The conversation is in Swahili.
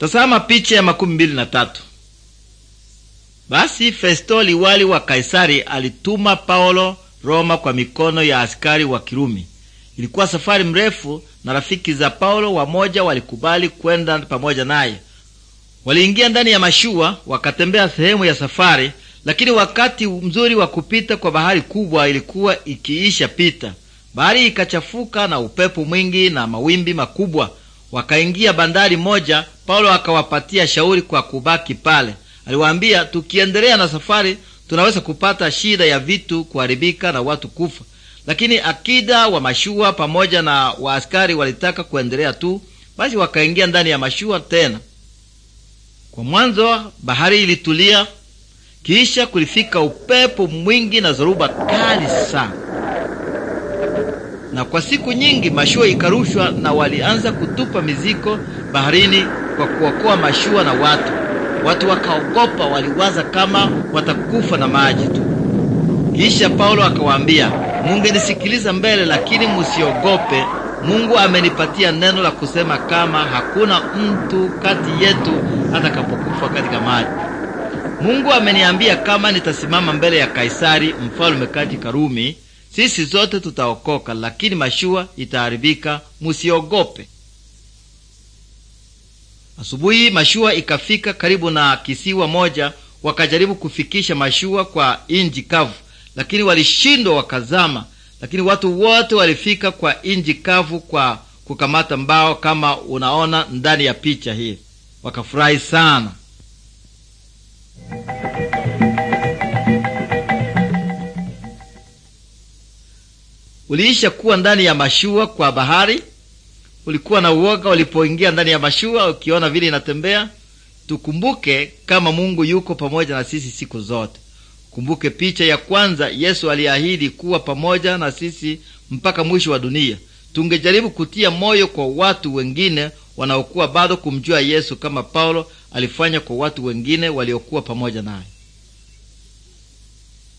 Tazama picha ya makumi mbili na tatu. Basi Festo liwali wa Kaisari alituma Paulo Roma kwa mikono ya askari wa Kirumi. Ilikuwa safari mrefu, na rafiki za Paulo wamoja walikubali kwenda pamoja naye. Waliingia ndani ya mashua wakatembea sehemu ya safari, lakini wakati mzuri wa kupita kwa bahari kubwa ilikuwa ikiisha pita. Bahari ikachafuka na upepo mwingi na mawimbi makubwa. Wakaingia bandari moja, Paulo akawapatia shauri kwa kubaki pale. Aliwaambia, tukiendelea na safari tunaweza kupata shida ya vitu kuharibika na watu kufa, lakini akida wa mashua pamoja na waaskari walitaka kuendelea tu. Basi wakaingia ndani ya mashua tena. Kwa mwanzo bahari ilitulia, kisha kulifika upepo mwingi na zoruba kali sana na kwa siku nyingi mashua ikarushwa, na walianza kutupa miziko baharini kwa kuokoa mashua na watu. Watu wakaogopa, waliwaza kama watakufa na maji tu. Kisha Paulo akawaambia, mungenisikiliza mbele, lakini musiogope. Mungu amenipatia neno la kusema kama hakuna mtu kati yetu atakapokufa katika maji. Mungu ameniambia kama nitasimama mbele ya Kaisari mfalme katika Rumi sisi zote tutaokoka, lakini mashua itaharibika, musiogope. Asubuhi mashua ikafika karibu na kisiwa moja. Wakajaribu kufikisha mashua kwa inji kavu, lakini walishindwa, wakazama. Lakini watu wote walifika kwa inji kavu kwa kukamata mbao, kama unaona ndani ya picha hii, wakafurahi sana. uliisha kuwa ndani ya mashua kwa bahari. Ulikuwa na uoga ulipoingia ndani ya mashua, ukiona vile inatembea. Tukumbuke kama Mungu yuko pamoja na sisi siku zote. Kumbuke picha ya kwanza, Yesu aliahidi kuwa pamoja na sisi mpaka mwisho wa dunia. Tungejaribu kutia moyo kwa watu wengine wanaokuwa bado kumjua Yesu kama Paulo alifanya kwa watu wengine waliokuwa pamoja naye.